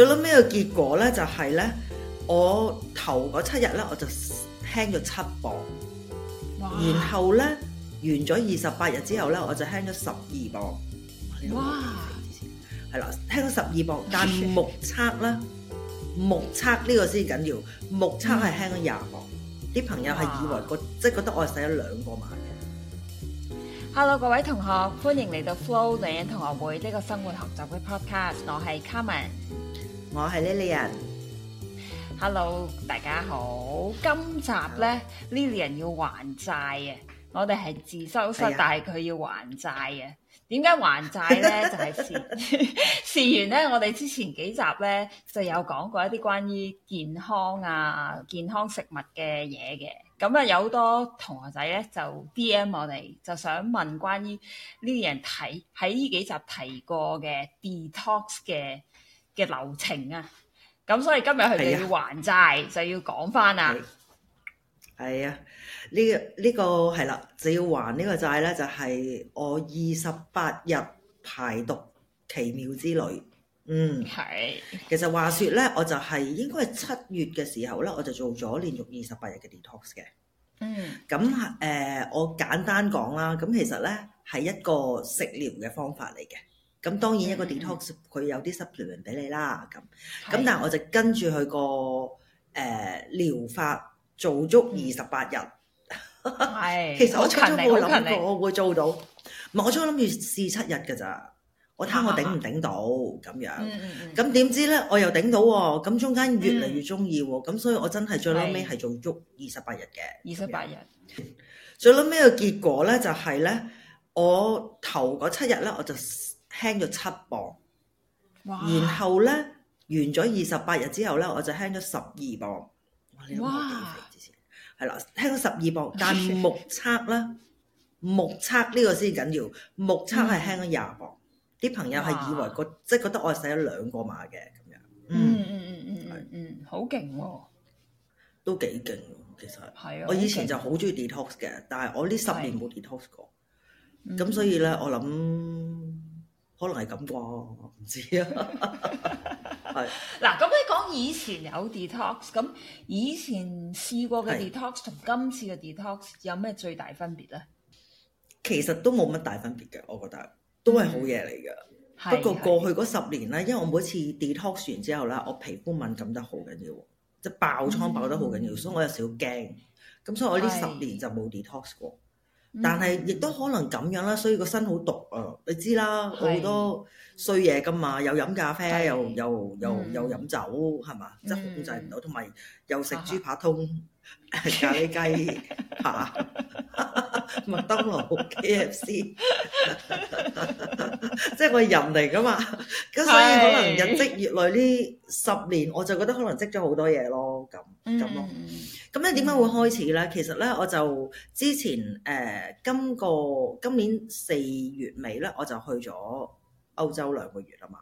最諗咩個結果咧，就係咧，我頭嗰七日咧，我就輕咗七磅，然後咧完咗二十八日之後咧，我就輕咗十二磅。哇，係啦，輕咗十二磅，但目測咧，目測呢個先緊要，目測係輕咗廿磅。啲朋友係以為個即係覺得我係使咗兩個萬嘅。Hello，各位同學，歡迎嚟到 Flo Learn 同學會呢個生活學習嘅 podcast。我係 Carmen。我係 Lilian。Hello 大家好。今集咧 Hello. Lilian 要還債啊！我哋係自修室，哎、呀但係佢要還債啊！點解還債咧？就係事事緣咧。我哋之前幾集咧就有講過一啲關於健康啊、健康食物嘅嘢嘅。咁啊，有好多同學仔咧就 DM 我哋，就想問關於 Lilian 睇喺呢幾集提過嘅 detox 嘅。嘅流程啊，咁所以今日佢就要還債，啊、就要講翻啦。係啊，呢、啊啊呢個呢、呢個係啦、啊，就要還呢個債咧，就係、是、我二十八日排毒奇妙之旅。嗯，係、啊。其實話説咧，我就係應該係七月嘅時候咧，我就做咗連續二十八日嘅 detox 嘅。嗯。咁誒、呃，我簡單講啦，咁其實咧係一個食療嘅方法嚟嘅。咁當然一個 detox 佢有啲 supplement 俾你啦。咁咁，但係我就跟住佢個誒療法做足二十八日。係，其實我最初冇諗過我會做到，唔係我初初諗住試七日㗎咋。我睇下我頂唔頂到咁樣。嗯，咁點知咧，我又頂到喎。咁中間越嚟越中意喎。咁所以我真係最嬲尾係做足二十八日嘅。二十八日最嬲尾嘅結果咧，就係咧，我頭嗰七日咧，我就。輕咗七磅，然後咧完咗二十八日之後咧，我就輕咗十二磅。哇！你有冇減肥？之前係啦，輕咗十二磅，但係目測啦，目測呢個先緊要。目測係輕咗廿磅，啲朋友係以為個即係覺得我係使咗兩個碼嘅咁樣。嗯嗯嗯嗯嗯，好勁喎！都幾勁，其實係啊。我以前就好中意 detox 嘅，但係我呢十年冇 detox 過，咁所以咧，我諗。可能係咁啩，唔知啊。係 是。嗱， 咁你講以前有 detox，咁以前試過嘅 detox 同今次嘅 detox 有咩最大分別咧？其實都冇乜大分別嘅，我覺得都係好嘢嚟嘅。嗯、不過過去嗰十年咧，是是因為我每次 detox 完之後咧，我皮膚敏感得好緊要，即、就、係、是、爆瘡爆得好緊要、嗯所，所以我有少少驚。咁所以我呢十年就冇 detox 過。但係亦都可能咁樣啦，所以個身好毒啊！你知啦，好多衰嘢㗎嘛，又飲咖啡，的又又、嗯、又又飲酒，係嘛？即係控制唔到，同埋、嗯、又食豬扒通哈哈咖喱雞，係嘛 扒？ 麥當勞、K F C，即係我係人嚟噶嘛，咁 所以可能日積月累呢十年，我就覺得可能積咗好多嘢咯，咁咁咯。咁咧點解會開始咧？其實咧，我就之前誒、呃、今個今年四月尾咧，我就去咗歐洲兩個月啦嘛。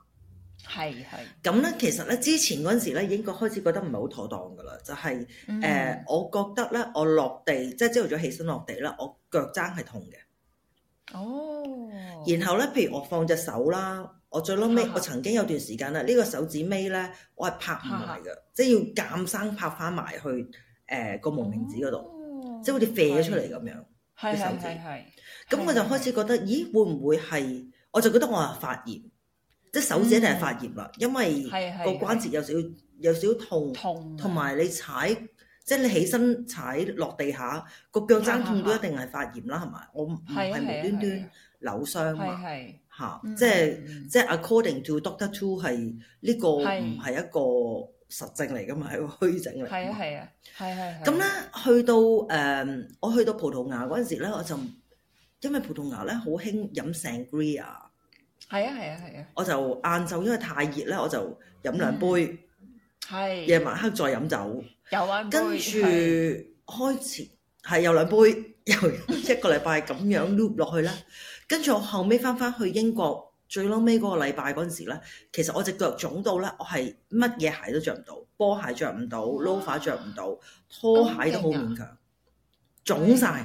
係係咁咧，其實咧，之前嗰陣時咧已經覺開始覺得唔係好妥當噶啦，就係誒，我覺得咧，我落地，即係朝頭早起身落地啦，我腳踭係痛嘅。哦。然後咧，譬如我放隻手啦，我最撈尾，我曾經有段時間啦，呢個手指尾咧我係拍唔埋嘅，即係要夾生拍翻埋去誒個無名指嗰度，即係好似飛咗出嚟咁樣嘅手指。係咁我就開始覺得，咦？會唔會係？我就覺得我係發炎。隻手指一定係發炎啦，因為個關節有少有少痛，同埋你踩即係你起身踩落地下個腳踭痛都一定係發炎啦，係咪？我唔係無端端扭傷嘛嚇，即係即係 according to doctor two 係呢個唔係一個實證嚟噶嘛，係個虛證嚟。係啊係啊係係。咁咧去到誒我去到葡萄牙嗰陣時咧，我就因為葡萄牙咧好興飲 sangria。係啊係啊係啊！我就晏晝因為太熱咧，我就飲兩杯。係。夜晚黑再飲酒，又溫杯，跟住開始係有兩杯，又一個禮拜咁樣 loop 落去咧。跟住我後尾翻翻去英國，最屘尾嗰個禮拜嗰陣時咧，其實我隻腳腫到咧，我係乜嘢鞋都着唔到，波鞋着唔到，loafer 着唔到，拖鞋都好勉強，腫晒。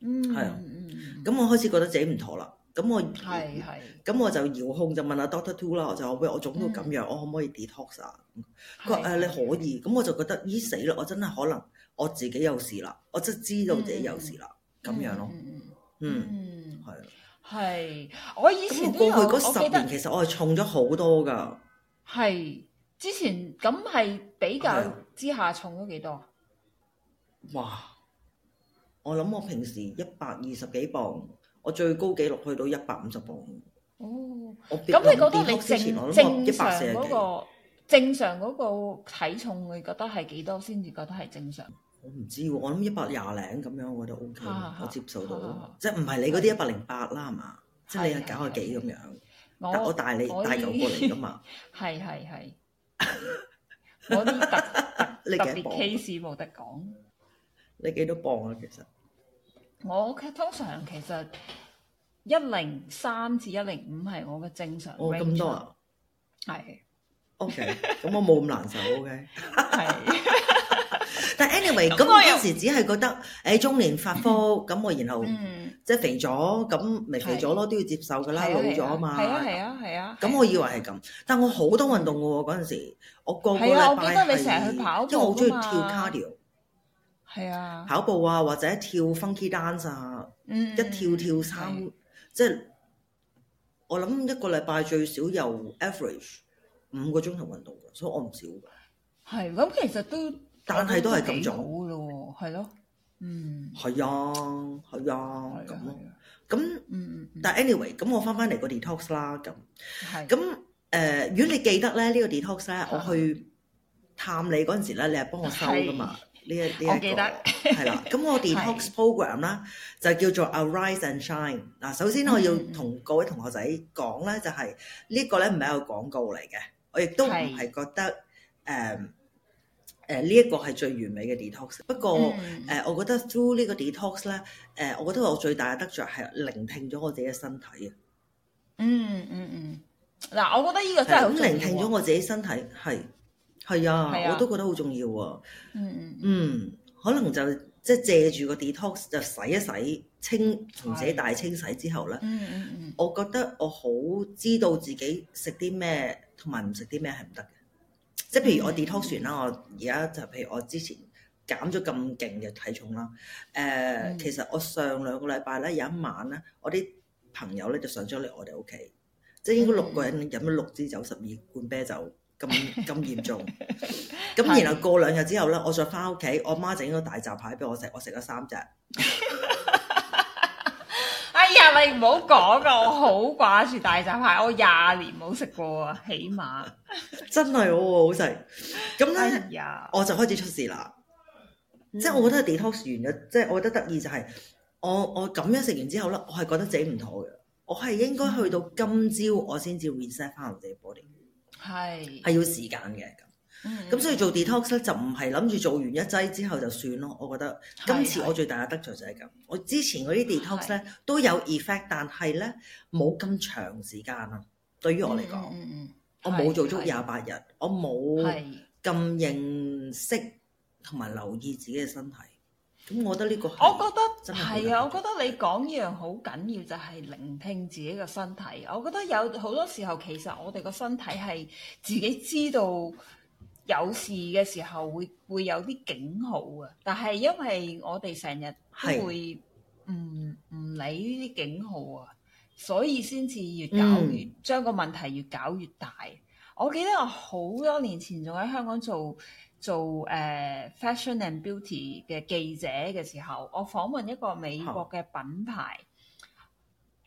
嗯。係啊。嗯。咁我開始覺得自己唔妥啦。咁我，係係。咁我就遙控就問啊 Doctor Two 啦，就喂，我腫到咁樣，我可唔可以 detox 啊？佢，誒你可以，咁我就覺得咦，死啦！我真係可能我自己有事啦，我真係知道自己有事啦，咁樣咯，嗯，係啊，係。我以前過去嗰十年其實我係重咗好多㗎，係之前咁係比較之下重咗幾多？哇！我諗我平時一百二十幾磅。我最高記錄去到一百五十磅。哦，咁你覺得你正正常嗰個正常嗰個體重，你覺得係幾多先至覺得係正常？我唔知喎，我諗一百廿零咁樣，我覺得 O K，我接受到。即係唔係你嗰啲一百零八啦嘛？即係你係九十幾咁樣。我我帶你帶九過嚟噶嘛？係係係。我啲特特別 case 冇得講。你幾多磅啊？其實？我嘅通常其實一零三至一零五係我嘅正常。哦咁多。係。OK。咁我冇咁難受。OK。係。但 anyway，咁嗰陣時只係覺得，誒中年發福，咁我然後即係肥咗，咁咪肥咗咯，都要接受㗎啦，老咗啊嘛。係啊係啊係啊。咁我以為係咁，但我好多運動嘅喎嗰陣時，我個個禮拜係即係好中意跳 cardio。係啊，跑步啊，或者跳 funky dance，啊，mm，一跳跳三，即係的、就是、我諗一個禮拜最少有 average 五個鐘頭運動嘅，所以我唔少噶。係咁，其實都但係都係咁做。嘅咯，係咯，嗯，係啊，係啊，咁咯，咁，嗯，的但係 anyway，咁我翻翻嚟個 detox 啦，咁的，係，咁，誒，如果你記得咧呢、這個 detox 咧、嗯，我去探你嗰陣時咧，你係幫我收噶嘛。呢一呢一個係啦，咁我 detox program 啦是就叫做 Arise and Shine 嗱。首先我要同各位同學仔講咧，嗯、就係呢個咧唔係一個廣告嚟嘅，我亦都唔係覺得誒誒呢一個係最完美嘅 detox。不過誒、嗯呃，我覺得 through 個呢個 detox 咧，誒、呃，我覺得我最大嘅得着係聆聽咗我自己嘅身體嘅、嗯。嗯嗯嗯，嗱、嗯，我覺得呢個真係咁聆聽咗我自己身體係。係啊，我都覺得好重要喎、啊。嗯嗯，嗯可能就即係、就是、借住個 detox 就洗一洗清同自己大清洗之後咧，嗯嗯嗯、我覺得我好知道自己食啲咩同埋唔食啲咩係唔得嘅。即係譬如我 detox 完啦，嗯、我而家就譬如我之前減咗咁勁嘅體重啦。誒、呃，嗯、其實我上兩個禮拜咧有一晚咧，我啲朋友咧就上咗嚟我哋屋企，即係應該六個人飲咗六支酒、十二罐啤酒。咁咁嚴重，咁 然後過兩日之後咧， 我再翻屋企，我媽整咗大閘蟹俾我食，我食咗三隻。哎呀，你唔好講噶，我好掛住大閘蟹，我廿年冇食過啊，起碼 真係、哦、好好食。咁咧， 哎、呀我就開始出事啦。嗯、即係我覺得 detox 完咗，即係我覺得得意就係、是、我我咁樣食完之後咧，我係覺得自己唔妥嘅，我係應該去到今朝我先至 reset 翻我自己 body。係係要時間嘅咁，咁、mm hmm. 所以做 detox 咧就唔係諗住做完一劑之後就算咯。我覺得今次我最大嘅得着就係咁。Mm hmm. 我之前啲 detox 咧都有 effect，但係咧冇咁長時間啊。對於我嚟講，mm hmm. 我冇做足廿八日，mm hmm. 我冇咁、mm hmm. 認識同埋留意自己嘅身體。咁，我覺得呢個係，我覺得係啊！我覺得你講呢樣好緊要，就係、是、聆聽自己嘅身體。我覺得有好多時候，其實我哋個身體係自己知道有事嘅時候會，會會有啲警號啊。但係因為我哋成日都會唔唔是理呢啲警號啊，所以先至越搞越將個、嗯、問題越搞越大。我記得我好多年前仲喺香港做。做誒、uh, fashion and beauty 嘅記者嘅時候，我訪問一個美國嘅品牌，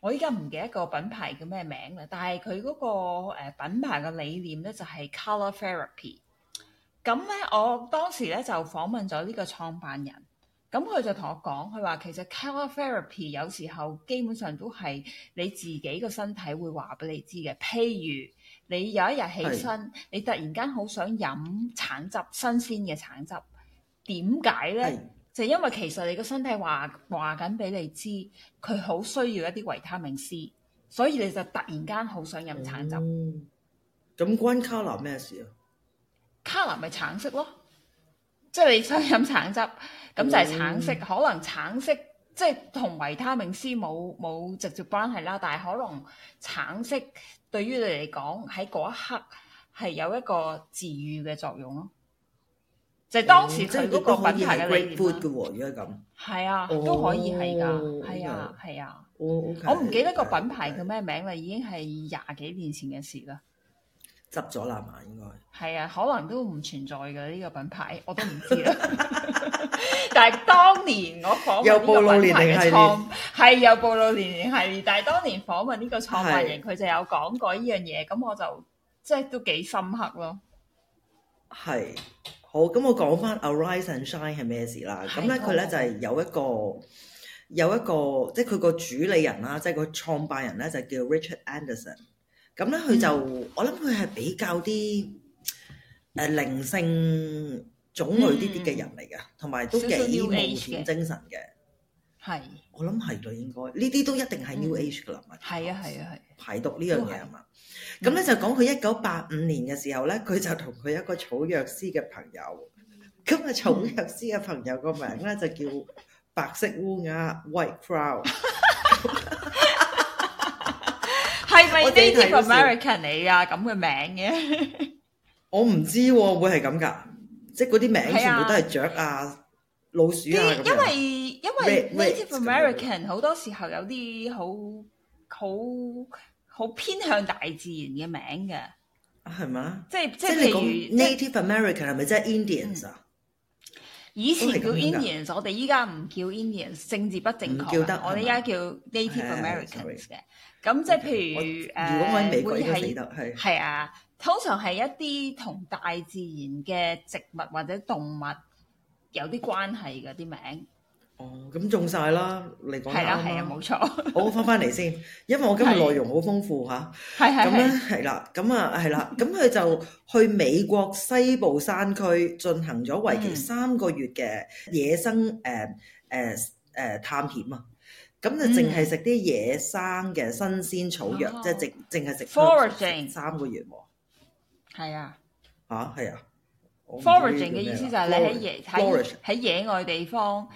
好我依家唔記得個品牌叫咩名啦，但係佢嗰個、uh, 品牌嘅理念咧就係、是、color therapy。咁咧，我當時咧就訪問咗呢個創辦人，咁佢就同我講，佢話其實 color therapy 有時候基本上都係你自己個身體會話俾你知嘅，譬如。你有一日起身，是你突然間好想飲橙汁，新鮮嘅橙汁，點解咧？是就因為其實你個身體話話緊俾你知，佢好需要一啲維他命 C，所以你就突然間好想飲橙汁。咁關 colour 咩事啊？colour 咪橙色咯，即係你想飲橙汁，咁就係橙色。可能橙色即係同維他命 C 冇冇直接關係啦，但係可能橙色。就是對於你嚟講，喺嗰一刻係有一個治愈嘅作用咯，就係、是、當時佢嗰個品牌嘅理念咯。係啊、哦，都可以係㗎、哦，係啊，係啊。啊哦、okay，我唔記得個品牌叫咩名啦，已經係廿幾年前嘅事啦。執咗啦嘛，應該係啊，可能都唔存在㗎呢個品牌，我都唔知啦。 但係當年我訪問有暴露年齡嘅創，有暴露年齡係但係當年訪問呢個創辦人，佢是就有講過呢樣嘢，咁我就即係都幾深刻咯。係，好，咁我講返《Arise and Shine》係咩事啦？咁咧，佢咧就係有一個有一個，即係佢個、即係、主理人啦，即係個創辦人咧，就係，就叫 Richard Anderson。咁咧，佢、嗯嗯、就我諗佢係比較啲誒靈性種類啲啲嘅人嚟噶，同埋、嗯、都幾冒險精神嘅。係，我諗係啦，應該呢啲都一定係 UH 嘅人物。嗯、啊，係啊，係排毒呢樣嘢係嘛？咁咧就講佢一九八五年嘅時候咧，佢就同佢一個草藥師嘅朋友，咁啊草藥師嘅朋友個名咧就叫白色烏鴉 White Crow。Native American 嚟 啊，咁嘅名嘅，我唔知喎，會係咁噶？即係嗰啲名全部都係雀啊、老鼠啊咁樣。因為因為 Native American 好多時候有啲好好好偏向大自然嘅名嘅。啊，係嗎、嗯？即即係譬如 Native American 係咪即係 Indians 啊？以前叫 Indians，我哋依家唔叫 Indians，政治不正確。叫得我哋依家叫 Native 的 Americans 嘅。咁即係譬如，誒、okay. 如果誒會係係啊，通常係一啲同大自然嘅植物或者動物有啲關係啲名。哦，咁中晒啦！你講係啊，係啊，冇錯。好，翻翻嚟先，因為我今日內容好豐富吓，係係。咁咧係啦，咁啊係啦，咁佢就去美國西部山區進行咗為期三個月嘅野生誒誒誒探險啊！咁就淨係食啲野生嘅新鮮草藥，即係淨淨係食。foraging 三個月喎。係啊。吓，係啊。foraging 嘅意思就係你喺野喺野外地方。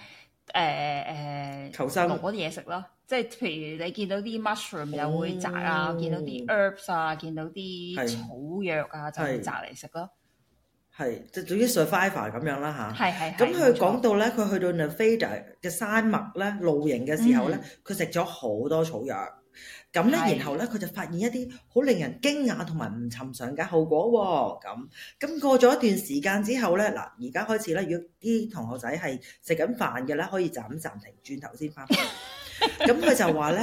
誒求生攞啲嘢食咯，即係譬如你見到啲 mushroom 又會摘啊，哦、見到啲 herbs 啊，見到啲草藥啊，是就會摘嚟食咯。係，即係總之 survivor 咁樣啦吓，係係。咁佢講到咧，佢錯去到南非嘅嘅山脈咧露營嘅時候咧，佢食咗好多草藥。咁咧，呢的然後咧，佢就發現一啲好令人驚訝同埋唔尋常嘅後果喎、哦。咁咁過咗一段時間之後咧，嗱，而家開始咧，如果啲同學仔係食緊飯嘅咧，可以就咁暫停，轉頭先翻。咁佢 就話咧，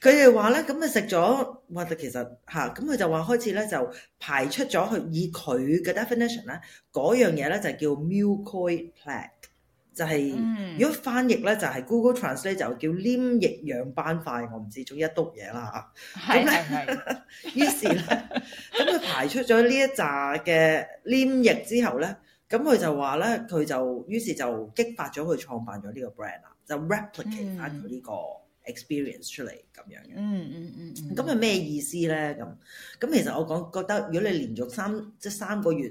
佢哋話咧，咁啊食咗，哇，其實吓，咁、啊、佢就話開始咧就排出咗去，以佢嘅 definition 咧，嗰樣嘢咧就叫 mucoid plaque 就係、是，如果翻譯咧，就係、是、Google Translate 就叫黏液樣斑塊，我唔知做一篤嘢啦嚇。咁咧，於是咁呢佢 排出咗呢一紮嘅黏液之後咧，咁佢就話咧，佢就於是就激發咗佢創辦咗呢個 brand 啦，就 replicate 翻佢呢個 experience 出嚟咁樣嘅。嗯嗯嗯。咁係咩意思咧？咁咁其實我講覺得，如果你連續三即三個月。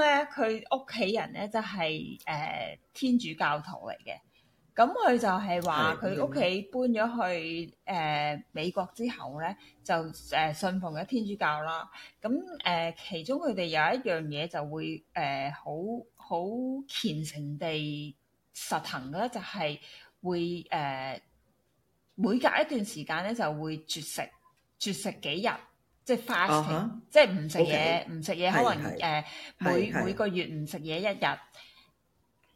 咧佢屋企人咧就係、是、誒、呃、天主教徒嚟嘅，咁佢就係話佢屋企搬咗去誒、呃、美國之後咧就誒、呃、信奉咗天主教啦，咁誒、呃、其中佢哋有一樣嘢就會誒好好虔誠地實行嘅咧，就係、是、會誒、呃、每隔一段時間咧就會絕食，絕食幾日。即係 fasting，即係唔食嘢，唔食嘢，可能誒每每個月唔食嘢一日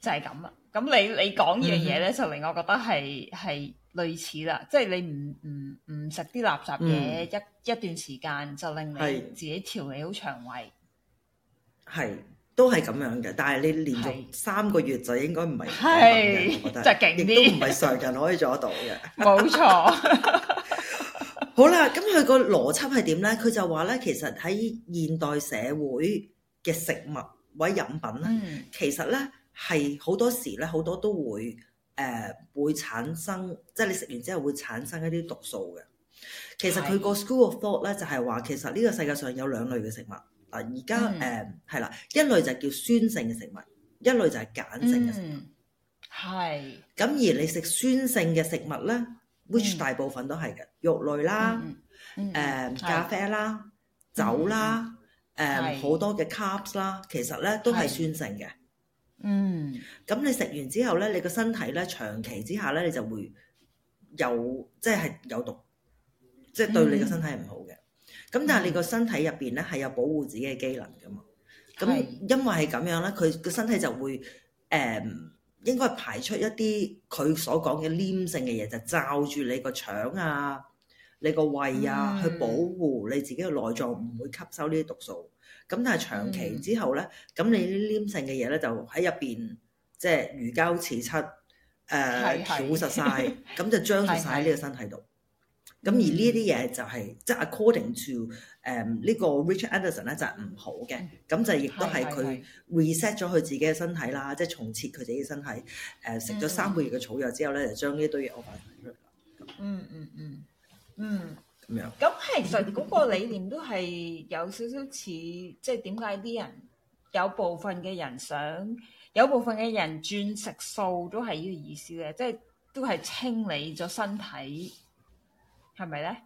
就係咁啦。咁你你講呢樣嘢咧，就令我覺得係係類似啦。即係你唔唔唔食啲垃圾嘢一一段時間，就令你自己調理好腸胃。係都係咁樣嘅，但係你連續三個月就應該唔係，係覺得就勁啲，都唔係常人可以做得到嘅。冇錯。好啦，咁佢個邏輯係點咧？佢就話咧，其實喺現代社會嘅食物或者飲品咧，嗯、其實咧係好多時咧好多都會誒、呃、會產生，即係你食完之後會產生一啲毒素嘅。其實佢個 school of thought 咧就係話，其實呢個世界上有兩類嘅食物。啊，而家誒係啦，一類就係叫酸性嘅食物，一類就係鹼性嘅食物。係、嗯。咁而你食酸性嘅食物咧，which 大部分都係嘅，肉類啦，誒咖啡啦、酒啦，誒好多嘅 carbs 啦，其實咧都係酸性嘅。嗯，咁你食完之後咧，你個身體咧長期之下咧，你就會有即係有毒，即係對你個身體係唔好嘅。咁但係你個身體入邊咧係有保護自己嘅機能㗎嘛。咁因為係咁樣咧，佢個身體就會誒。應該排出一啲佢所講嘅黏性嘅嘢，就罩、是、住你個腸啊、你個胃啊，嗯、去保護你自己嘅內臟唔、嗯、會吸收呢啲毒素。咁但係長期之後咧，咁、嗯、你啲黏性嘅嘢咧就喺入邊，嗯、即係如膠似漆，誒、呃，膠實曬，咁是就將實晒喺呢個身體度。是是咁、嗯、而呢啲嘢就係即係 according to 誒呢個 Richard Anderson 咧，就係唔好嘅。咁就亦都係佢 reset 咗佢自己嘅身體啦，即係重設佢自己嘅身體。誒食咗三個月嘅草藥之後咧，就將呢一堆嘢屙翻出嚟啦。嗯嗯嗯嗯咁樣。咁其實嗰個理念都係有少少似，即係點解啲人有部分嘅人想有部分嘅人轉食素都係呢個意思嘅，即係都係清理咗身體。係咪咧？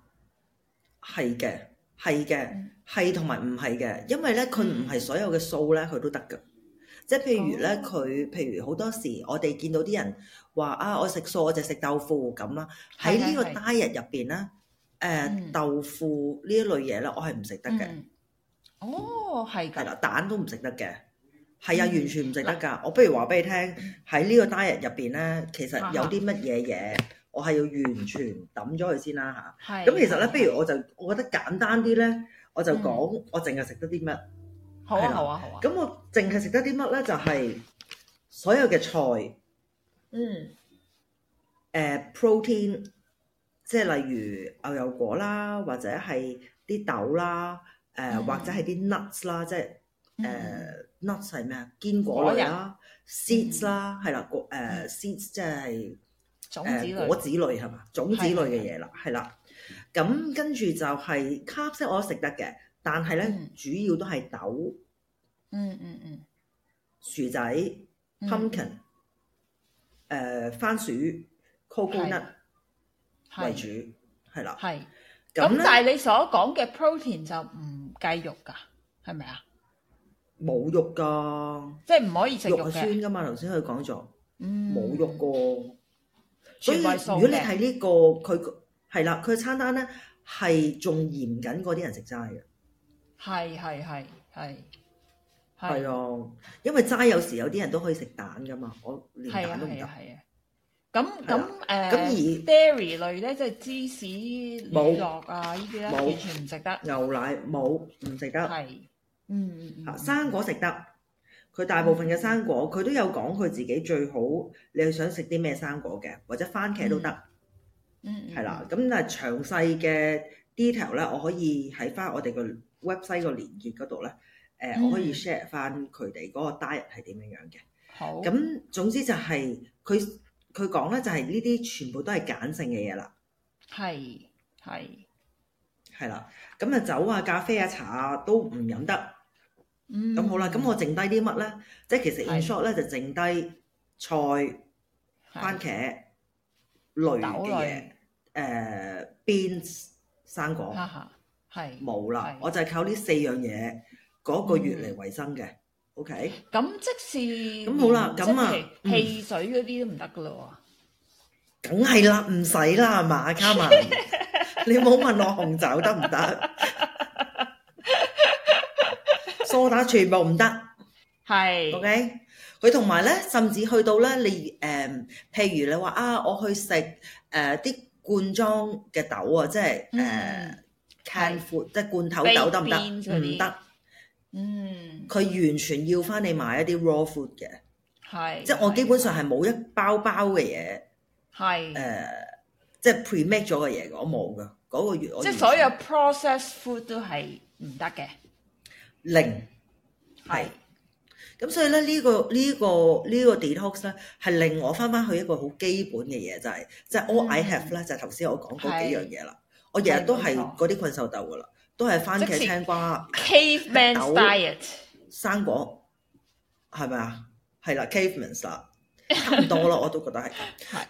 係嘅，係嘅，係同埋唔係嘅，因為咧佢唔係所有嘅素咧佢都得嘅，即係譬如咧佢，哦，譬如好多時我哋見到啲人話啊，我食素我就食豆腐咁啦，喺呢個 diet 入邊咧，誒、嗯呃、豆腐呢一類嘢咧，我係唔食得嘅、嗯。哦，係嘅。係啦，蛋都唔食得嘅，係啊，完全唔食得噶。嗯、我不如話俾你聽喺呢個 diet 入邊咧，其實有啲乜嘢嘢。啊我係要完全抌咗佢先啦嚇，咁其實咧，不如我就我覺得簡單啲咧，我就講我淨係食得啲乜，好啊好啊好啊，咁我淨係食得啲乜咧，就係所有嘅菜，嗯，誒 protein，即係例如牛油果啦，或者係啲豆啦，誒或者係啲 nuts 啦，即係誒 nuts 係咩啊？堅果類啦，seeds 啦，係啦，個誒 seeds 即係。種子類，果子類係嘛？種子類嘅嘢啦，係啦。咁跟住就係 carbs 我食得嘅，但係咧主要都係豆，嗯嗯嗯，薯仔、pumpkin、誒番薯、coconut 為主，係啦。係咁，但係你所講嘅 protein 就唔計肉㗎，係咪啊？冇肉㗎，即係唔可以食肉酸㗎嘛？頭先佢講咗冇肉㗎。所以如果你睇呢個佢係啦，佢餐單咧係仲嚴緊過啲人食齋嘅，係係係係係啊！因為齋有時有啲人都可以食蛋㗎嘛，我連蛋都唔得。係啊，咁咁誒，咁而 dairy 類咧，即係芝士、冇，乳酪啊依啲咧，完全唔食得。牛奶冇，唔食得。係，嗯嗯生果食得。佢大部分嘅生果，佢、mm. 都有講佢自己最好，你想食啲咩生果嘅，或者番茄都得，嗯、mm. mm.，係啦。咁啊，詳細嘅 detail 咧，我可以喺翻我哋嘅 website 個連結嗰度咧，誒、呃，我可以 share 翻佢哋嗰個 diet 係點樣樣嘅。好。咁總之就係佢佢講咧，就係呢啲全部都係鹼性嘅嘢啦。係係係啦。咁啊，就酒啊、咖啡啊、茶啊都唔飲得。咁、嗯、好啦，咁我剩低啲乜咧？即係其實 in short 咧就剩低菜、番是茄類嘅嘢，誒類，邊生、uh, 果係冇啦，我就係靠呢四樣嘢嗰、那個月嚟維生嘅。嗯、OK，咁即是咁好啦，咁啊，汽水嗰啲都唔得噶啦，梗係啦，唔使啦，係嘛，阿卡文，Carmen、 你唔好問我紅酒得唔得？行 梳打全部唔得，係 OK。佢同埋咧，甚至去到咧，你誒譬如你話啊，我去食誒啲罐裝嘅豆啊，即係誒 can food，即係罐頭豆得唔得？唔得。嗯。佢完全要翻你買一啲 raw food 嘅，係。即係我基本上係冇一包包嘅嘢，係。誒，即係 pre-made 咗嘅嘢，我冇噶。嗰個月我即係所有 processed food 都係唔得嘅。零係，咁所以咧呢個呢個呢個 detox 咧，係令我翻翻去一個好基本嘅嘢就係，即係 all I have 咧，嗯，就係頭先我講嗰幾樣嘢啦。係，我日日都係嗰啲困獸鬥噶啦，都係番茄、青瓜、cave man diet、生果，係咪啊？係啦，cave man 啦。差唔 多啦，我都覺得係。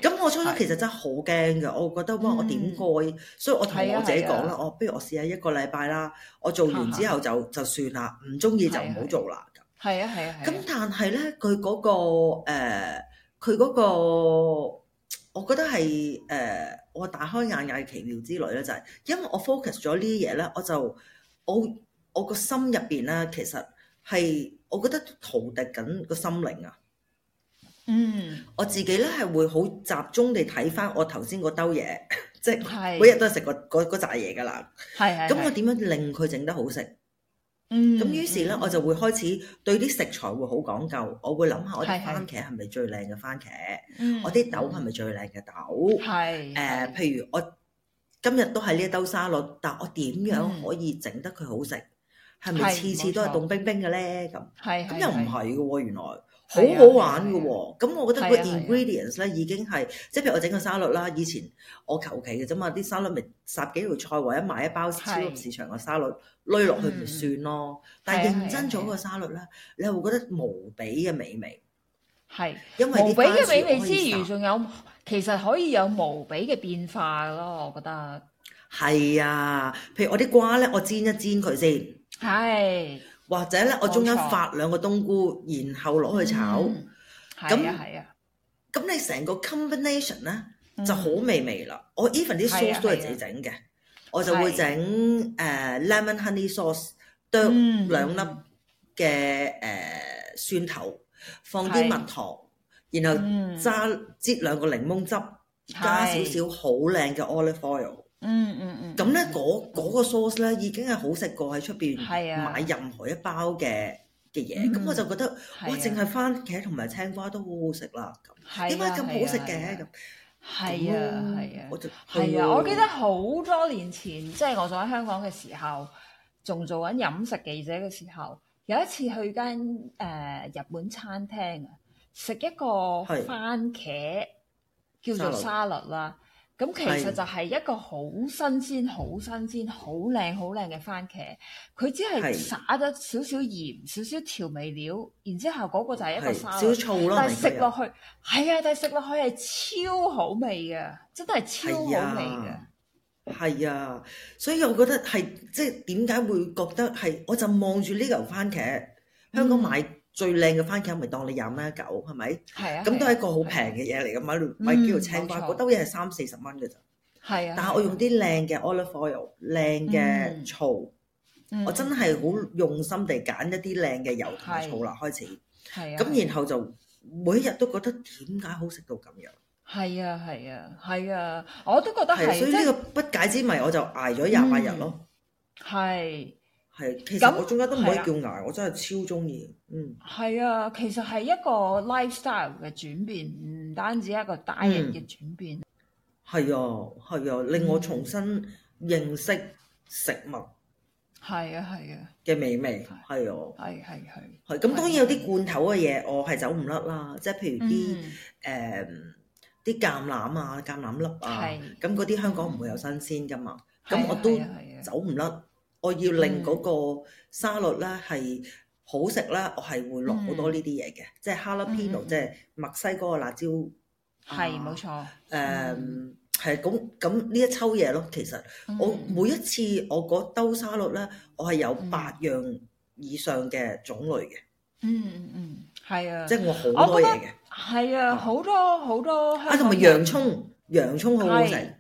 咁 是的 我初初其實真係好驚嘅，我覺得哇，我點過、 嗯？所以我同我自己講啦， 我不如我試下一個禮拜啦。我做完之後就 就算啦，唔中意就唔好做啦。係啊係啊。咁 但係咧，佢嗰、那個佢嗰、呃那個，我覺得係誒、呃，我打開眼界奇妙之旅咧，就係、是、因為我 focus 咗呢啲嘢咧，我就我我，我我個心入邊咧，其實係我覺得陶冶緊個心靈啊。嗯，我自己咧，係會好集中地睇翻我頭先嗰兜嘢，即係每日都食個嗰扎嘢噶啦。係係。咁我點樣令佢整得好食？嗯。咁於是呢，我就會開始對啲食材會好講究。我會諗下我啲番茄係咪最靚嘅番茄？是是我啲豆係咪最靚嘅豆？係。誒，譬如我今日都係呢一兜沙律，但我點樣可以整得佢好食？係咪次次都係凍冰冰嘅呢？咁咁又唔係喎，原來。好好玩㗎喎、啊，咁我覺得個 ingredients 咧已經係，即係譬如我整個沙律啦，以前我求其嘅啫嘛，啲沙律咪十幾條菜或者買一包超級市場嘅沙律，攆落去咪算咯。但係認真咗個沙律咧，你係會覺得無比嘅美味，係因為無比嘅美味之餘，仲有其實可以有無比嘅變化咯，我覺得係啊。譬如我啲瓜咧，我煎一煎佢先，係、啊。或者咧，我中間發兩個冬菇，然後攞去炒。咁啊、嗯，啊那。咁你成個 combination 咧，嗯、就好美味啦。我 even 啲 sauce 都係自己整嘅，我就會整誒的、呃、lemon honey sauce，剁兩粒嘅誒、嗯呃、蒜頭，放啲蜜糖，的然後揸擠兩個檸檬汁，的加少少好靚嘅 olive oil。嗯嗯嗯，咁咧嗰個 source 咧已經係好食過喺出邊買任何一包嘅嘅嘢，咁我就覺得哇，淨係番茄同埋青瓜都好好食啦，點解咁好食嘅咁？係啊係啊，我就係啊！我記得好多年前，即係我仲喺香港嘅時候，仲做緊飲食記者嘅時候，有一次去間誒日本餐廳啊，食一個番茄叫做沙律啦。咁其實就係一個好新鮮、好新鮮、好靚、好靚嘅番茄，佢只係撒咗少少鹽、少少調味料，然之後嗰個就係一個沙律，少少醋咯。但係食落去係啊，但係食落去係超好味嘅，真係超好味嘅。係啊，所以我覺得係即係點解會覺得係，我就望住呢嚿番茄，香港買。嗯最靚嘅番茄咪當你廿蚊一嚿，係咪？係啊。咁都係一個好平嘅嘢嚟嘅，買買幾條青瓜，嗰兜嘢係三四十蚊嘅咋。係啊。但係我用啲靚嘅 olive oil，靚嘅醋，我真係好用心地揀一啲靚嘅油同埋醋嚟開始。係啊。咁然後就每一日都覺得點解好食到咁樣？係啊，係啊，係啊，我都覺得係。所以呢個不解之謎，我就捱咗廿八日咯。係。係，其實我中間都唔可以叫挨，我真係超中意。嗯，係啊，其實係一個 lifestyle 嘅轉變，唔單止一個大型嘅轉變。係啊，係啊，令我重新認識食物。係啊，係啊。嘅美味，係啊，係係係。係咁，當然有啲罐頭嘅嘢，我係走唔甩啦。即係譬如啲誒，啲橄欖啊，橄欖粒啊，咁嗰啲香港唔會有新鮮噶嘛。咁我都走唔甩。我要令嗰個沙律咧係好食啦，我係會落好多呢啲嘢嘅，嗯、即係 jalapeno，、嗯、即係墨西哥嘅辣椒，係冇係、啊、錯。誒、嗯，係咁咁呢一抽嘢咯。其實我每一次我嗰兜沙律咧，我係有八樣以上嘅種類嘅、嗯。嗯嗯嗯，係、嗯、啊，即係我好多嘢嘅，係啊，好多好多。啊，同埋洋葱，洋葱好好食，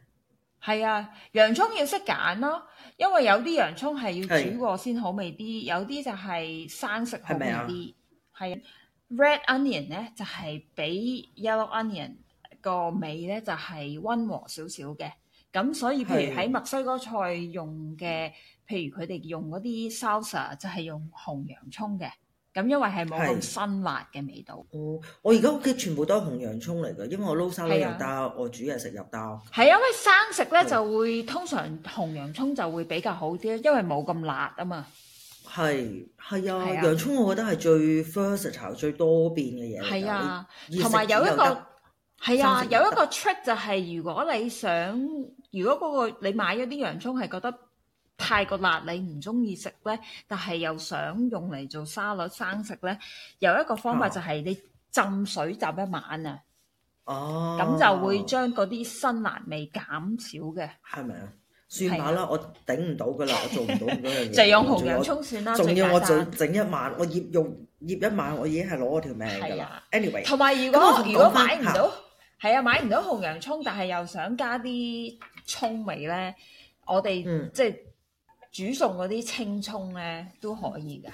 係啊，洋葱要識揀咯。因為有啲洋葱係要煮過先好味啲，是有啲就係生食好味啲。係 red onion 咧，就係、是、比 yellow onion 個味咧就係溫和少少嘅。咁所以譬如喺墨西哥菜用嘅，是譬如佢哋用嗰啲 salsa 就係用紅洋葱嘅。咁因為係冇咁辛辣嘅味道。哦、嗯，我而家屋企全部都紅洋葱嚟㗎，因為我撈沙律又得，啊、我煮嘢食又得。係、啊、因為生食咧就會、啊、通常紅洋葱就會比較好啲，因為冇咁辣啊嘛。係係啊，啊洋葱我覺得係最 versatile 嘅最多變嘅嘢。係啊，同埋有一個係啊，有一個、啊啊、個 trick 就係如果你想，如果嗰、嗰個你買咗啲洋葱係覺得，太過辣你唔中意食咧，但係又想用嚟做沙律生食咧，有一個方法就係你浸水浸一晚啊，咁就會將嗰啲辛辣味減少嘅。係咪啊？算下啦，我頂唔到噶啦，我做唔到樣嘢。 就用紅洋葱算啦，仲要我做整一晚，我醃用醃一晚，我已經係攞我條命噶啦。啊、Anyway，同埋如果如果買唔到，係啊，買唔到紅洋葱，但係又想加啲葱味咧，我哋即係。嗯煮餸嗰啲青葱咧都可以噶，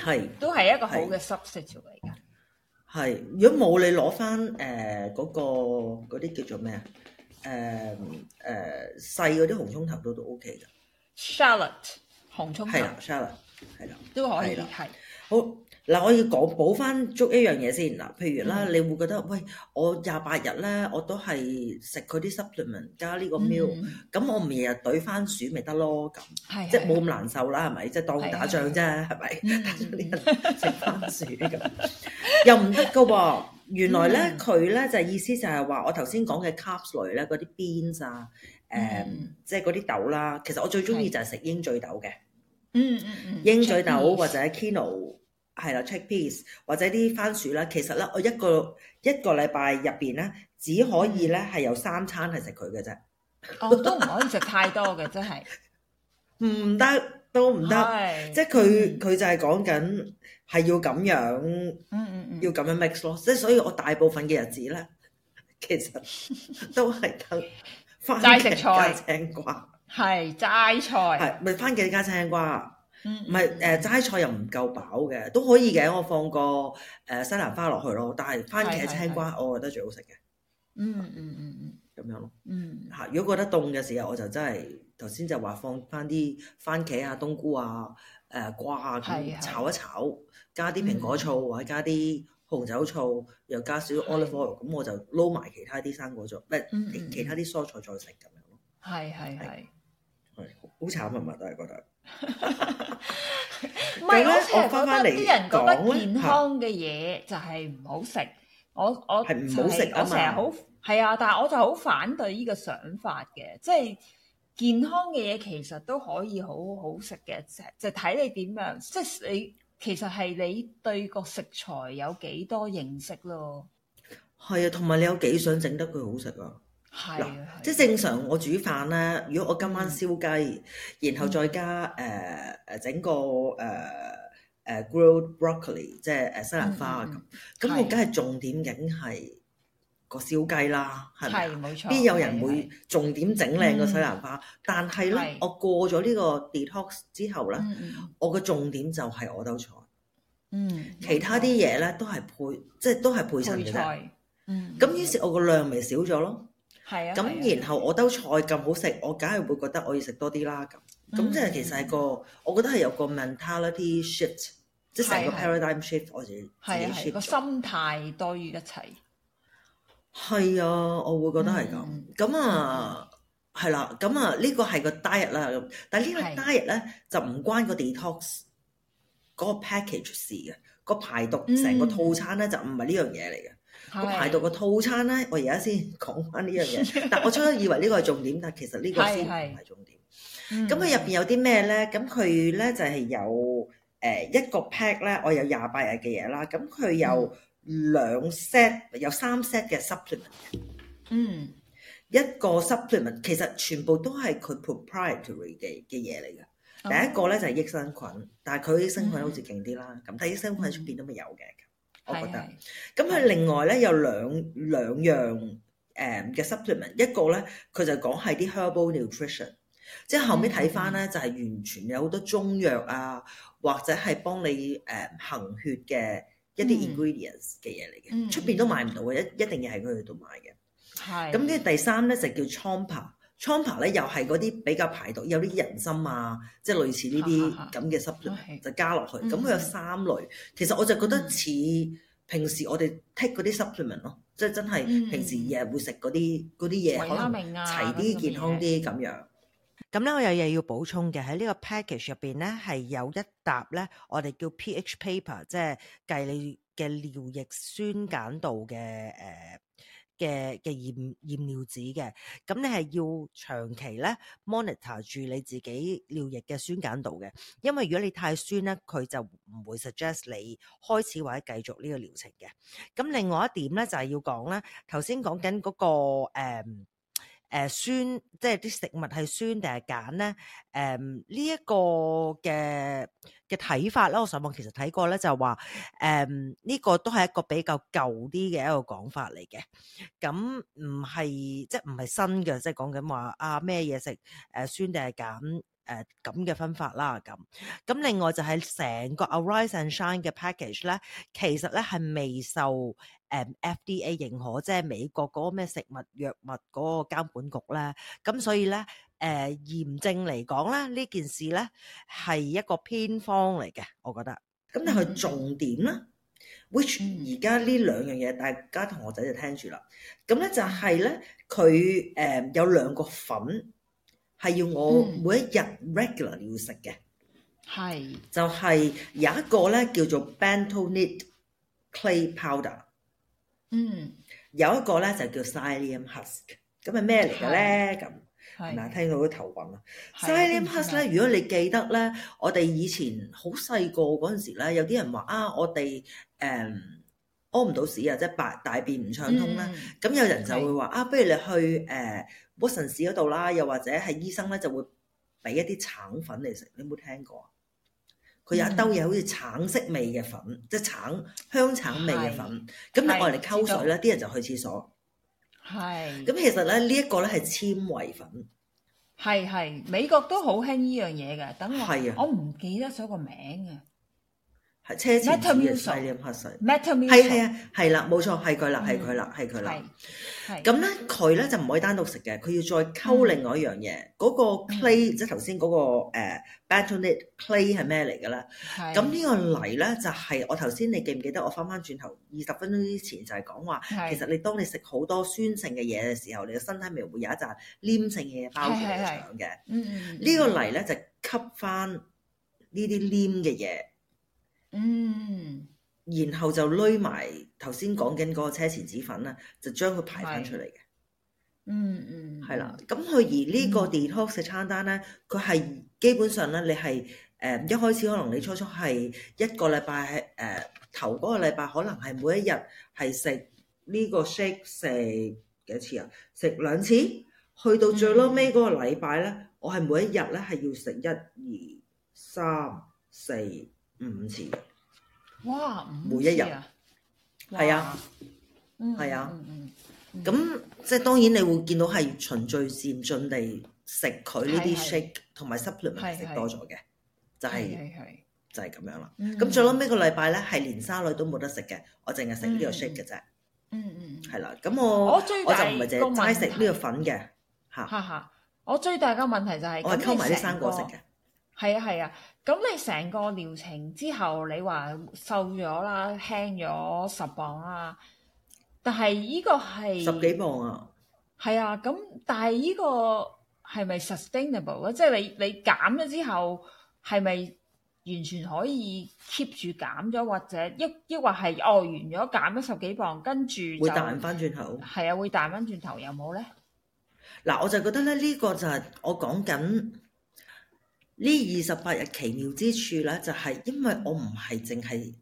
係是都係一個好嘅 substitute 是嚟噶。係，如果冇你攞翻誒嗰個嗰啲叫做咩啊？誒、呃、誒、呃、細嗰啲紅葱頭都都 OK 嘅，shallot 紅葱頭。係啦，都可以係。好嗱，我要講補翻足一樣嘢先嗱，譬如啦，你會覺得喂，我廿八日咧，我都係食佢啲 supplement 加呢個 meal，咁我唔日日懟番薯咪得咯咁，即係冇咁難受啦，係咪？即係當打仗啫，係咪？食番薯咁又唔得噶，原來咧佢咧就意思就係話，我頭先講嘅 caps 類咧，嗰啲 beans 啊，誒，即係嗰啲豆啦，其實我最中意就係食鷹嘴豆嘅。嗯嗯嗯，鷹嘴、mm, mm, mm, 豆或者 kino 係啦，check piece 或者啲番薯啦，其實咧我一個一個禮拜入邊咧，只可以咧係有三餐係食佢嘅啫，我、oh, 都唔可以食太多嘅，真係唔得，都唔得，Hi. 即係佢佢就係講緊係要咁樣，嗯嗯，要咁樣 mix 咯，即係所以我大部分嘅日子咧，其實都係得齋食菜青瓜。 係齋菜係，咪番茄加青瓜，唔係誒齋菜又唔夠飽嘅，都可以嘅。我放個誒西蘭花落去咯。但係番茄青瓜，我覺得最好食嘅。嗯嗯嗯嗯，咁樣咯。嗯，吓如果覺得凍嘅時候，我就真係頭先就話放翻啲番茄啊、冬菇啊、誒瓜啊咁炒一炒，加啲蘋果醋或者加啲紅酒醋，又加少 olive oil，咁我就撈埋其他啲生果再唔係其他啲蔬菜再食咁樣咯。係係係。好慘啊！嘛，都係覺得，唔係我成日覺得啲人覺得健康嘅嘢就係唔好食。我我係唔好食啊嘛。我成日好係啊，但係我就好反對呢個想法嘅，即係健康嘅嘢其實都可以好好食嘅，就就睇你點樣。即係你其實係你對個食材有幾多認識咯。係啊，同埋你有幾想整得佢好食啊？嗱，即係正常我煮飯咧。如果我今晚燒雞，然後再加誒誒整個誒誒 grilled broccoli，即係西蘭花咁，咁我梗係重點影係個燒雞啦，係咪？冇錯。邊有人會重點整靚個西蘭花？但係咧，我過咗呢個 detox 之後咧，我個重點就係我兜菜，嗯，其他啲嘢咧都係配，即係都係配襯嘅。咁於是我個量咪少咗咯。係啊，咁然後我兜菜咁好食，我梗係會覺得我要食多啲啦咁，咁、嗯、即係其實係個，我覺得係有個 mentality shift、嗯、即係成個 paradigm shift、嗯。我自己係啊、嗯、了心態多於一切。係啊，我會覺得係咁。咁、嗯、啊係、嗯、啦，咁啊呢個係個 diet 啦，但係呢個 diet 咧是就唔關個 detox 嗰個 package 事嘅，個排毒成、嗯、個套餐咧就唔係呢樣嘢嚟嘅。個排毒個套餐咧，我而家先講翻呢樣嘢。但我初初以為呢個係重點，但係其實呢個先唔係重點。咁佢入邊有啲咩咧？咁佢咧就係有誒一個 pack 咧，我有廿八日嘅嘢啦。咁佢有兩 set，、嗯、有三 set 嘅 supplement。嗯，一個 supplement 其實全部都係佢 proprietary 嘅嘅嘢嚟嘅。第一個咧就係益生菌，但係佢益生菌好似勁啲啦。咁第、嗯、益生菌喺出邊都未有嘅。我覺得，咁佢另外咧有兩兩樣誒嘅、嗯、supplement，一個咧佢就講係啲 herbal nutrition，即係後尾睇翻咧就係完全有好多中藥啊，或者係幫你誒、嗯、行血嘅一啲 ingredients 嘅嘢嚟嘅，出邊、嗯嗯、都買唔到嘅，一、嗯、一定要喺佢度買嘅。係的，咁跟住第三咧就叫 Chomper。Chomper 咧又係嗰啲比較排毒，有啲人參啊，即係類似呢啲咁嘅 supplement， 就加落去。咁佢 有三類，其實我就覺得似平時我哋 take 嗰啲 supplement 咯，即係 真係平時日日會食嗰啲嗰啲嘢，可能齊啲、 啊、健康啲咁、啊、樣。咁咧我有嘢要補充嘅，喺呢個 package 入邊咧係有一沓咧，我哋叫 pH paper，即係計你嘅尿液酸鹼度嘅誒。Uh 嘅嘅驗驗尿紙嘅，咁你係要長期咧 monitor 住你自己尿液嘅酸鹼度嘅，因為如果你太酸咧，佢就唔會 suggest 你開始或者繼續呢個療程嘅。咁另外一點咧，就係、是、要講咧，頭先講緊嗰個、嗯誒酸，即係啲食物係酸定係鹼咧？誒呢一個嘅嘅睇法咧，我上網其實睇過咧，就係話誒呢個都係一個比較舊啲嘅一個講法嚟嘅，咁唔係即係唔係新嘅，即係講緊話啊咩嘢食誒酸定係鹼。誒咁嘅分法啦，咁咁另外就係成個 Arise and Shine 嘅 package 咧，其實咧係未受誒 FDA 認可，即係美國嗰個咩食物藥物嗰個監管局咧。咁所以咧誒嚴正嚟講咧，呢件事咧係一個偏方嚟嘅，我覺得。咁但係重點啦，which 而家呢兩樣嘢，大家同學仔就聽住啦。咁咧就係咧，佢誒有兩個粉。係要我每一日 regular 要食嘅，係是就係有一個咧叫做 bentonite clay powder，嗯，有一個咧就叫 psyllium husk，咁係咩嚟嘅咧？咁嗱聽到都頭暈啊？psyllium 是 husk 咧，如果你記得咧，我哋以前好細個嗰陣時咧，有啲人話啊，我哋誒屙唔到屎啊，即係大大便唔暢通咧，咁、嗯、有人就會話是啊，不如你去誒。啊屈臣氏嗰度啦，又或者係醫生咧就會俾一啲橙粉嚟食，你有冇聽過啊？佢有一兜嘢，好似橙色味嘅粉，嗯、即係橙香橙味嘅粉，咁我按嚟溝水咧，啲道人就去廁所。係是。咁其實咧，呢、這、一個咧係纖維粉。係係，美國都好興呢樣嘢嘅。等我，啊、我唔記得咗個名嘅。車前子水，係係啊，係啦，冇錯，係佢啦，係佢啦，係佢啦。咁咧，佢咧、mm hmm. 就唔可以單獨食嘅，佢要再溝另外一樣嘢。嗰、mm hmm. 個 clay，、mm hmm. 即係頭先嗰個、uh, bentonite clay 係咩嚟嘅咧？咁呢、mm hmm. 個泥咧就係、是、我頭先你記唔記得？我翻翻轉頭二十分鐘之前就係、是、講話，mm hmm. 其實你當你食好多酸性嘅嘢嘅時候，你嘅身體咪會,會有一陣黏性嘅嘢包住你個腸嘅。嗯呢個泥咧就吸翻呢啲黏嘅嘢。Hmm. Mm hmm. mm hmm. 嗯，然後就撈埋頭先講緊嗰個車前子粉啦，是就將佢排翻出嚟嘅、嗯。嗯嗯，係啦。咁佢而呢個 detox 嘅餐單咧，佢係基本上咧，你係誒一開始可能你初初係一個禮拜係誒頭嗰個禮拜，可能係每一日係食呢個 shake 食幾次啊？食兩次，去到最撈尾嗰個禮拜咧，嗯、我係每一日咧係要食一二三四。五次，哇！每一日，係啊，係啊，咁即係當然你會見到係循序漸進地食佢呢啲 shake 同埋 supplement 食多咗嘅，就係就係咁樣啦。咁最後尾個禮拜咧，係連沙律都冇得食嘅，我淨係食呢個 shake 嘅啫。嗯嗯，係啦。咁我我就唔係淨齋食呢個粉嘅，吓吓。我最大嘅問題就係我係溝埋啲生果食嘅。係啊，係啊，咁、啊、你成個療程之後，你話瘦咗啦，輕咗十磅啦，啊，但係依個係十幾磅啊。係啊，咁但係依個係咪 sustainable 啊？即係你你減咗之後，係咪完全可以 keep 住減咗，或者抑亦或係哦完咗減咗十幾磅，跟住會彈翻轉頭。係啊，會彈翻轉頭有冇咧。嗱，我就覺得咧，呢、呢個就係我講緊。呢二十八日奇妙之處呢，就係因為我唔係淨係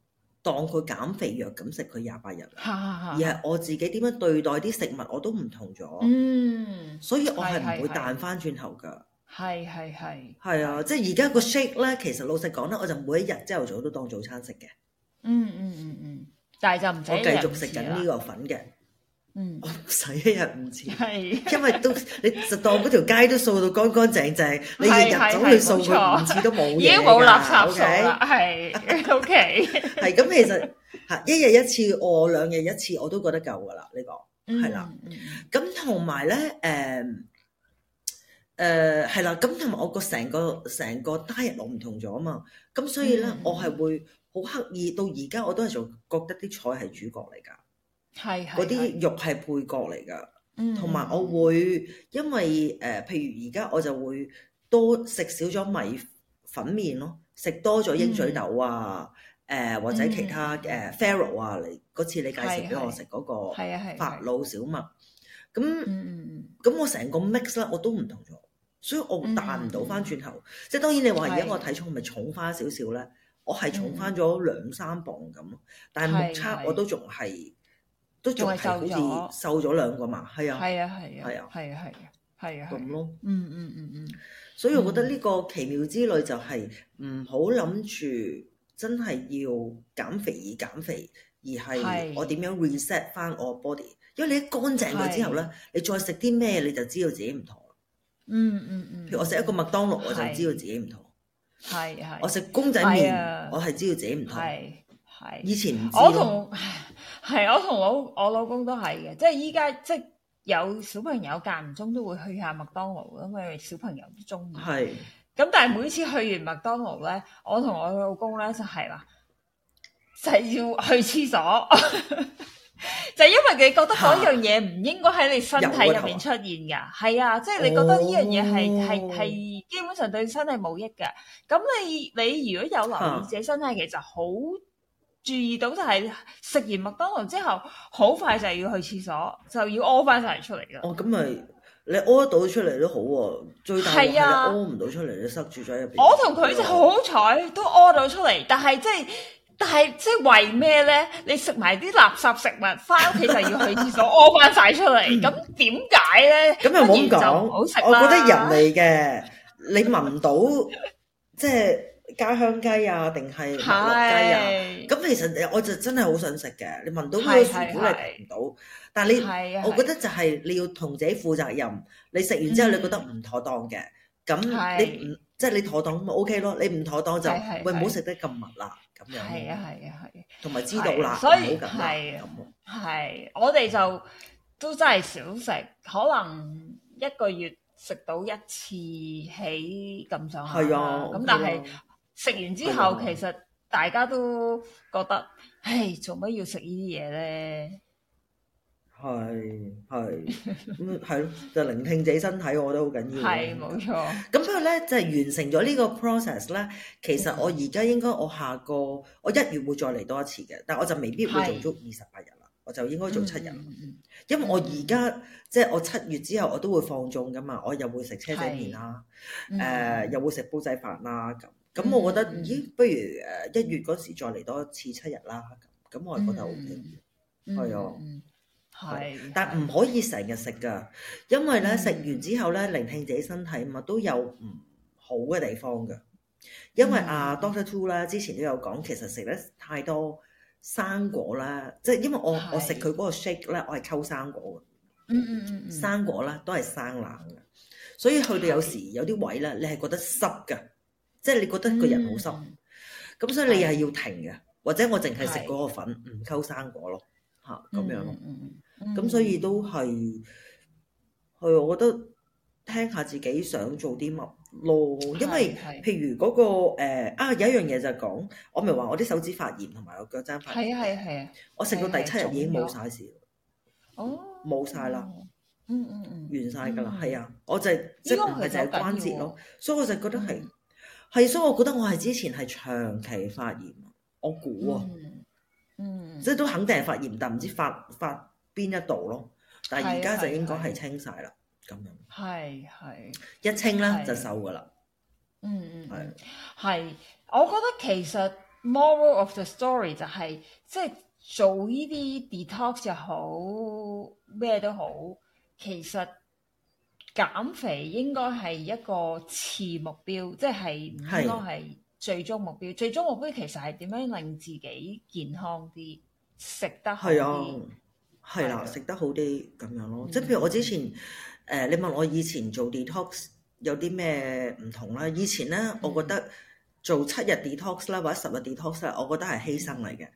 當佢減肥藥咁食佢廿八日，哈哈哈哈，而係我自己點樣對待啲食物我都唔同咗。嗯，所以我係唔會彈翻轉頭㗎。係係係。係啊，即係而家個 shake 呢，其實老實講呢，我就每一日朝頭早都當早餐食嘅。嗯，嗯嗯嗯嗯，但係就唔使我繼續食緊呢個粉嘅。嗯，我唔使一日五次，係因為都你就當嗰條街都掃到乾乾淨淨，你日日走去掃佢五次都冇嘢噶，已經冇垃圾掃係 OK，係咁、嗯 嗯、其實吓一日一次，我兩日一次，我都覺得夠噶、這個、啦，嗯嗯、呢個係、嗯呃、啦，咁同埋咧，誒，誒係啦，咁同埋我個成個成個 diet 我唔同咗啊嘛，咁、嗯嗯、所以咧，我係會好刻意到而家，我都係做，覺得啲菜係主角嚟噶。係嗰啲肉係配角嚟㗎，同埋、嗯、我會因為誒、呃，譬如而家我就會多食少咗米粉麵咯，食多咗鷹嘴豆啊，誒、嗯呃、或者其他嘅 farro、嗯 uh, ah、啊，你嗰次你介紹俾我食嗰個法老小麥，咁咁我成個 mix 啦，我都唔同咗，所以我彈唔到翻轉頭，嗯嗯、即係當然你話而家我體重咪重翻少少咧，我係重翻咗兩三磅咁，但係目測我都仲係。都仲係好似瘦咗兩個嘛，係啊，係啊，係啊，係啊，係啊，係啊咁咯。嗯嗯嗯嗯，所以我覺得呢個奇妙之旅就係唔好諗住真係要減肥而減肥，而係我點樣 reset 翻我 body。因為你一乾淨咗之後咧，你再食啲咩你就知道自己唔妥。嗯嗯嗯。譬如我食一個麥當勞，我就知道自己唔妥。係係。我食公仔麵，我係知道自己唔妥。係係。以前唔知同。係，我同老我老公都係嘅，即係依家即係有小朋友間唔中都會去下麥當勞，因為，小朋友都中意。係是。咁但係每次去完麥當勞咧，我同我老公咧就係啦，就係就係，要去廁所。 就因為你覺得嗰樣嘢唔應該喺你身體入邊出現噶，係啊，即係，就係，你覺得呢樣嘢係係係基本上對身體冇益嘅。咁你你如果有留意自己身體，其實好。注意到就係食完麥當勞之後，好快就要去廁所，就要屙翻晒出嚟噶。哦，咁咪、就是、你屙得到出嚟都好喎，啊，最大問題屙唔到出嚟，你塞住咗入邊，啊。我同佢就好彩都屙到出嚟，但係即係，但係即係為咩咧？你食埋啲垃圾食物，翻屋企就要去廁所屙翻晒出嚟，咁點解咧？咁又冇咁講， 嗯，好我覺得人嚟嘅，你聞到即係。就是家鄉雞啊，定係白鴿雞啊？咁其實我就真係好想食嘅。你聞到佢，陣時，你聞唔到。但係你，我覺得就係你要同自己負責任。你食完之後，你覺得唔妥當嘅，咁你唔即係你妥當咪 OK 咯？你唔妥當就喂唔好食得咁密啦。咁樣係啊係啊係。同埋知道啦，所以係啊，係我哋就都真係少食，可能一個月食到一次起咁上下。係啊，咁但係。食完之後，的其實大家都覺得，唉，做乜要食呢啲嘢咧？係係咁係咯，就聆聽自己身體我，我覺得好緊要。係冇錯。咁不過咧，就係完成咗呢個 process 咧，嗯、其實我而家應該我下個我一月會再嚟多一次嘅，但係我就未必會做足二十八日啦，是我就應該做七日，嗯。嗯，嗯因為我而家即係我七月之後，我都會放縱㗎嘛，我又會食車仔麵啦，誒、嗯呃、又會食煲仔飯啦咁。咁、嗯、我覺得，咦，不如誒一月嗰時再嚟多一次七日啦。咁得得，咁我喺嗰頭，係啊的，係、嗯。但唔可以成日食噶，因為咧食完之後咧，聆聽自己身體嘛，都有唔好嘅地方噶。因為啊、嗯，Doctor Two 啦，之前都有講，其實食得太多生果啦，即係因為我的我食佢嗰個 shake 咧，我係溝生果嘅。嗯，嗯嗯嗯，生果咧都係生冷嘅，所以去到有時的有啲位咧，你係覺得濕噶。即係你覺得個人好濕，咁所以你係要停嘅，或者我淨係食嗰個粉，唔溝生果咯，嚇咁樣咯。咁所以都係係，我覺得聽下自己想做啲乜咯。因為譬如嗰個誒啊，有一樣嘢就係講，我咪話我啲手指發炎同埋我腳踭發炎，係啊係啊，我食到第七日已經冇晒事，哦冇晒啦，嗯嗯嗯完晒㗎啦，係啊，我就係即係就係關節咯，所以我就覺得係。係，所以我覺得我係之前係長期發炎，我估啊嗯，嗯，即係都肯定係發炎，但唔知發發邊一度咯。但係而家就應該係清晒啦，咁樣。係係。一清咧是就瘦噶啦，嗯。嗯嗯。係係是，我覺得其實 moral of the story 就係，是，即、就、係、是、做呢啲 detox 又好咩都好，其實。減肥應該係一個次目標，即係唔應該係最終目標。是最終目標其實係點樣令自己健康啲，食得好啲。係啊，係啦、啊，啊、食得好啲咁樣咯。嗯、即係譬如我之前誒、呃，你問我以前做 detox 有啲咩唔同啦？以前咧、嗯，我覺得做七日 detox 啦，或者十日 detox，我覺得係犧牲嚟嘅、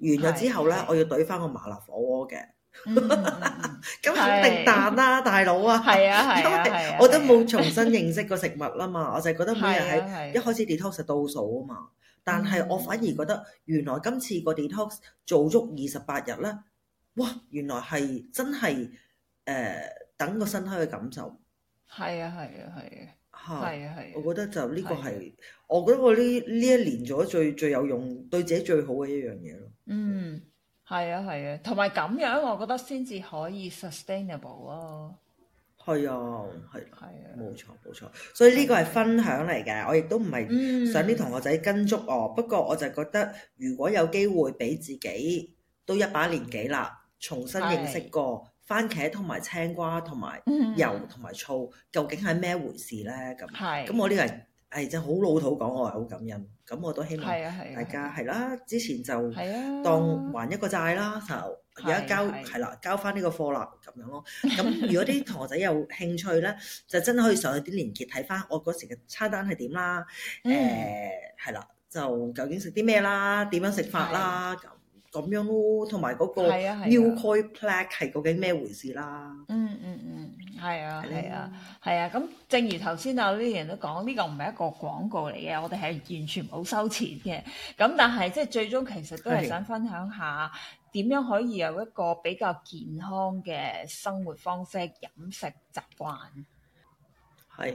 嗯。完咗之後咧，我要懟翻個麻辣火鍋嘅。的咁肯定彈啦，大佬啊！係啊，我都冇重新認識過食物啦嘛，我就覺得每日喺一開始 detox 係倒數啊嘛。但係我反而覺得，原來今次個 detox 做足二十八日咧，哇！原來係真係誒，等個身體嘅感受。係啊係啊係啊，係啊係，我覺得就呢個係，我覺得我呢呢一年做咗最最有用、對自己最好嘅一樣嘢咯。嗯。係啊，係啊，同埋咁樣，我覺得先至可以 sustainable 咯。係啊，係，係啊，冇錯冇錯。所以呢個係分享嚟嘅，我亦都唔係想啲同學仔跟足我。嗯、不過我就覺得，如果有機會俾自己都一把年紀啦，重新認識過的番茄同埋青瓜同埋油同埋醋，究竟係咩回事呢？咁，咁我呢個。誒真係好老土講，我係好感恩，咁我都希望大家係啦。之前就當還一個債啦，就而家交係啦，交翻呢個課啦咁樣咯。咁如果啲同學仔有興趣咧，就真係可以上去啲連結睇翻我嗰時嘅餐單係點啦。誒係啦，就究竟食啲咩啦，點樣食法啦咁。咁樣咯，同埋嗰個腰蓋 plaque 係究竟咩回事啦？嗯嗯嗯，係啊係啊係啊，咁正如頭先有啲人都講，呢個唔係一個廣告嚟嘅，我哋係完全冇收錢嘅。咁但係即係最終其實都係想分享下點樣可以有一個比較健康嘅生活方式、飲食習慣。係。